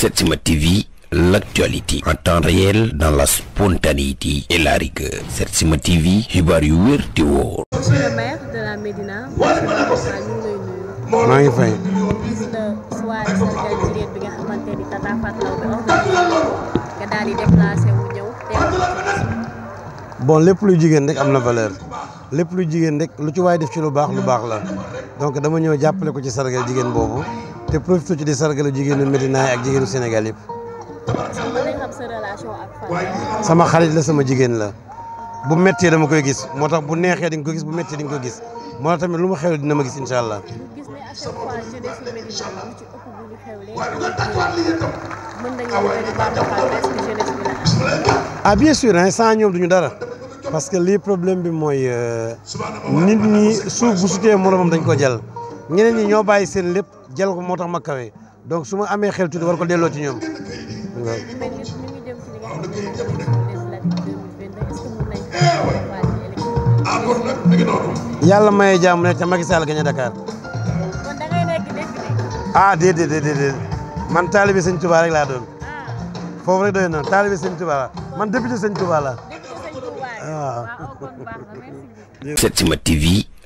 Setsima TV l'actualité en temps réel dans la spontanéité et xibaar yu wér maa ngi bon lépp lu jigéen rek am na valeur lépp lu jigéen rek lu ci waaye def ci lu baax lu baax la donc dama ñëw jàppale ko ci sargal jigéen boobu. te profité ci di sargale jigéenu Médina yi ak jigéenu Sénégal yëpp. sama xarit la sama jigéen la bu méttee dama koy gis moo tax bu neexee di nga ko gis bu méttee di nga ko gis moo tax lu ma xew dina ma gis incha allah. ah bien sûr hein sans ñoom duñu dara parce que lii problème bi mooy euh, nit ñi suuf bu sutee moromam dañ ko jël. ñeneen ñi ñoo bàyyi seen lépp jël ko moo tax ma kawe donc su ma amee xel tuuti war ko delloo ci ñoom. yàlla maye jàmm ne ca Macky Sall gañe Dakar. ah déedéet déedéet man taalibe sëñ Touba rek laa doon ah. foofu rek doy na taalibe sëñ Touba la man député sëñ Touba la ah. waaw. Setsima